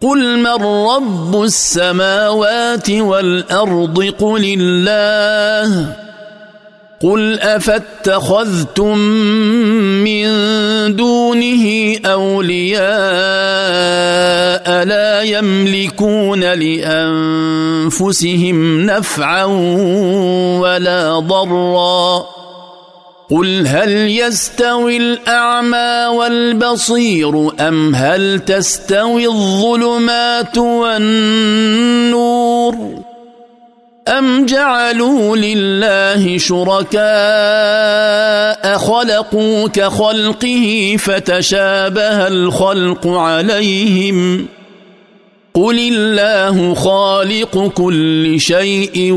قل من رب السماوات والارض قل الله قل افاتخذتم من دونه اولياء لا يملكون لانفسهم نفعا ولا ضرا قل هل يستوي الاعمى والبصير ام هل تستوي الظلمات والنور ام جعلوا لله شركاء خلقوا كخلقه فتشابه الخلق عليهم قل الله خالق كل شيء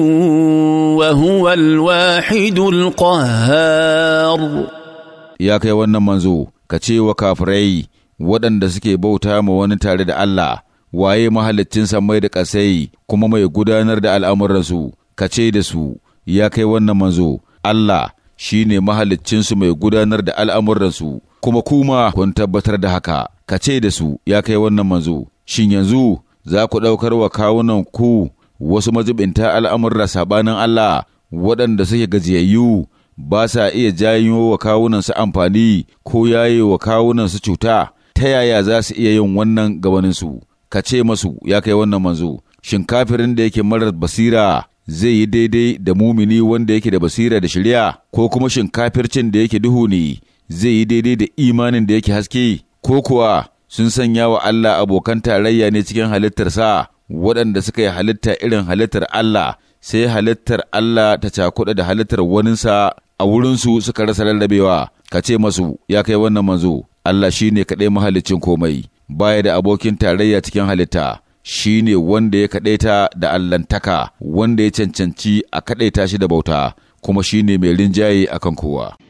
وهو الواحد القهار ya kai wannan manzo ka ce wa kafirai waɗanda suke bauta ma wani tare da Allah waye mahalicin mai da ƙasai kuma mai gudanar da al'amuransu ka ce da su ya kai wannan manzo Allah shi ne mahalicinsu mai gudanar da al'amuransu kuma kuma kun tabbatar da haka ka ce da su ya kai wannan manzo shin yanzu za ku ɗaukar wa kawunan ku wasu mazubinta al'amurra saɓanin Allah waɗanda suke gajiyayyu ba sa iya janyo wa kawunan su amfani ko yaye wa kawunan su cuta ta yaya za su iya yin wannan gabaninsu ka ce masu ya kai wannan manzo shin kafirin da yake marar basira zai yi daidai da mumini wanda yake da basira da shirya ko kuma shin kafircin da yake duhu ne zai yi daidai da imanin da yake haske ko kuwa sun sanya wa Allah abokan tarayya ne cikin halittarsa waɗanda suka yi halitta irin halittar Allah sai halittar Allah ta cakuɗa da halittar waninsa a wurinsu suka rasa lallabewa ka ce masu ya kai wannan manzo Allah shi ne kaɗai mahalicin komai baya da abokin tarayya cikin halitta shi ne wanda ya kaɗaita da allantaka wanda ya cancanci a kaɗaita shi da bauta kuma shi ne mai rinjaye akan kowa.